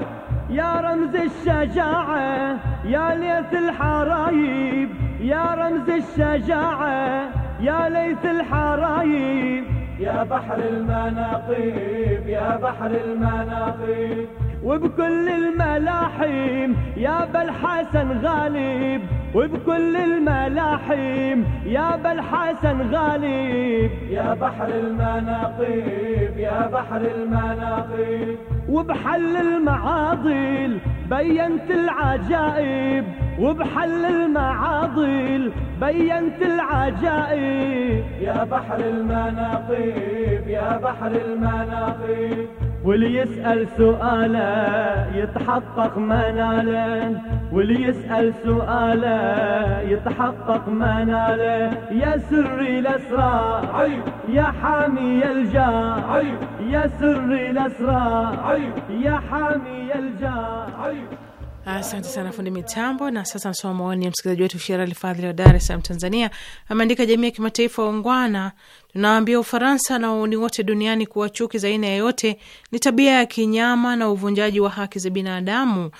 يا رمز الشجاعة يا ليث الحرايب يا رمز الشجاعة يا ليث الحرايب يا بحر المناقيب يا بحر المناقيب وبكل الملاحيم يا حسن غالب وبكل الملاحيم يا حسن غالب يا بحر المناقيب يا بحر المناقيب وبحل المعاضيل بينت العجائب وبحل المعاضيل بينت العجائب يا بحر المناقيب يا بحر المناقيب واللي يسأل سؤاله يتحقق مناله واللي يسأل سؤاله يتحقق مناله يا سري الأسرار يا حامي الجار يا سري الأسرار يا حامي الجار Asante sana fundi mitambo. Na sasa nasoma maoni ya msikilizaji wetu Sherali Fadhili wa Dar es Salaam, Tanzania. Ameandika, jamii ya kimataifa ungwana Tunawaambia Ufaransa na wauni wote duniani kuwa chuki za aina yoyote ni tabia ya kinyama na uvunjaji wa haki za binadamu.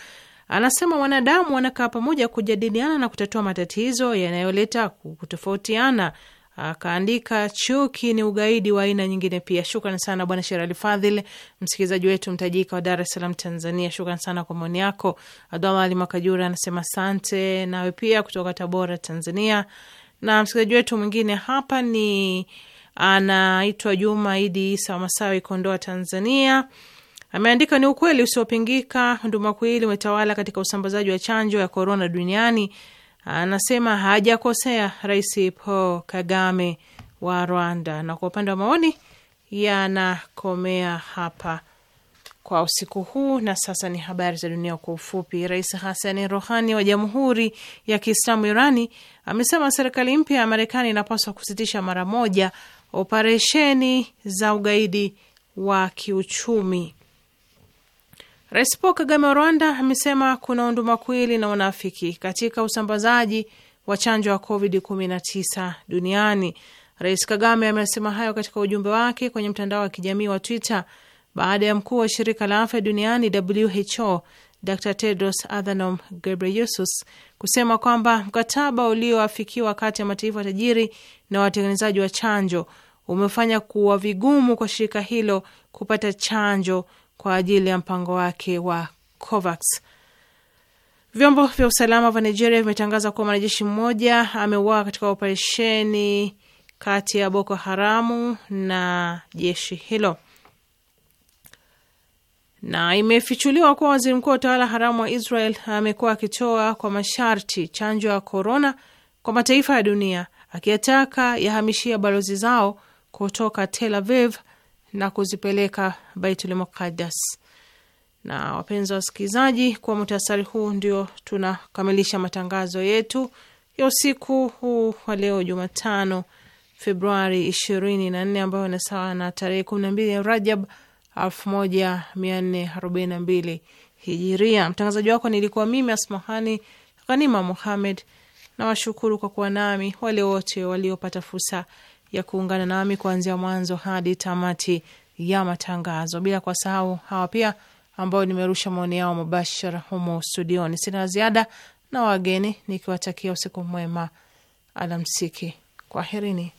Anasema wanadamu wanakaa pamoja kujadiliana na kutatua matatizo yanayoleta kutofautiana. Akaandika, chuki ni ugaidi wa aina nyingine pia. Shukran sana Bwana Sherali Fadhil, msikilizaji wetu mtajika wa Dar es Salaam, Tanzania. Shukran sana kwa maoni yako. Abdallah Ali Makajura anasema sante nawe pia kutoka Tabora, Tanzania. Na msikilizaji wetu mwingine hapa ni anaitwa Juma Idi Isa wa Masawi, Kondoa, Tanzania. Ameandika, ni ukweli usiopingika ndumakuili umetawala katika usambazaji wa chanjo ya korona duniani. Anasema hajakosea Rais Paul Kagame wa Rwanda. Na kwa upande wa maoni yanakomea hapa kwa usiku huu. Na sasa ni habari za dunia kwa ufupi. Rais Hasani Rohani wa Jamhuri ya Kiislamu Irani amesema serikali mpya ya Marekani inapaswa kusitisha mara moja operesheni za ugaidi wa kiuchumi. Rais Paul Kagame wa Rwanda amesema kuna undumakuwili na unafiki katika usambazaji wa chanjo ya Covid 19 duniani. Rais Kagame amesema hayo katika ujumbe wake kwenye mtandao wa kijamii wa Twitter baada ya mkuu wa shirika la afya duniani WHO Dr Tedros Adhanom Ghebreyesus kusema kwamba mkataba ulioafikiwa kati ya mataifa tajiri na watengenezaji wa chanjo umefanya kuwa vigumu kwa shirika hilo kupata chanjo kwa ajili ya mpango wake wa COVAX. Vyombo vya usalama vya Nigeria vimetangaza kuwa mwanajeshi mmoja ameuawa katika operesheni kati ya Boko Haramu na jeshi hilo na imefichuliwa kuwa waziri mkuu wa utawala haramu wa Israel amekuwa akitoa kwa masharti chanjo ya korona kwa mataifa ya dunia, akiyataka yahamishia balozi zao kutoka Tel Aviv na kuzipeleka Baitul Muqaddas. Na wapenzi wa wasikilizaji, kwa muhtasari huu ndio tunakamilisha matangazo yetu ya usiku huu wa leo Jumatano Februari 24 ambayo ni sawa na tarehe 12 ya Rajab 1442 hijiria. Mtangazaji wako nilikuwa mimi Asmahani Ghanima Muhamed. Nawashukuru kwa kuwa nami, wale wote waliopata fursa ya kuungana nami kuanzia mwanzo hadi tamati ya matangazo, bila kuwasahau hawa pia ambao nimerusha maoni yao mubashara humo studioni. Sina ziada na wageni, nikiwatakia usiku mwema, alamsiki, kwaherini.